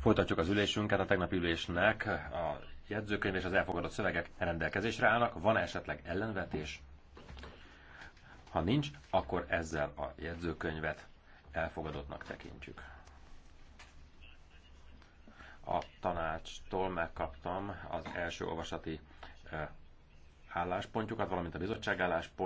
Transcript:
Folytatjuk az ülésünket a tegnapi ülésnek. A jegyzőkönyv és az elfogadott szövegek rendelkezésre állnak. Van -e esetleg ellenvetés? Ha nincs, akkor ezzel a jegyzőkönyvet elfogadottnak tekintjük. A tanácstól megkaptam az első olvasati eh, álláspontjukat, valamint a bizottság álláspontjukat.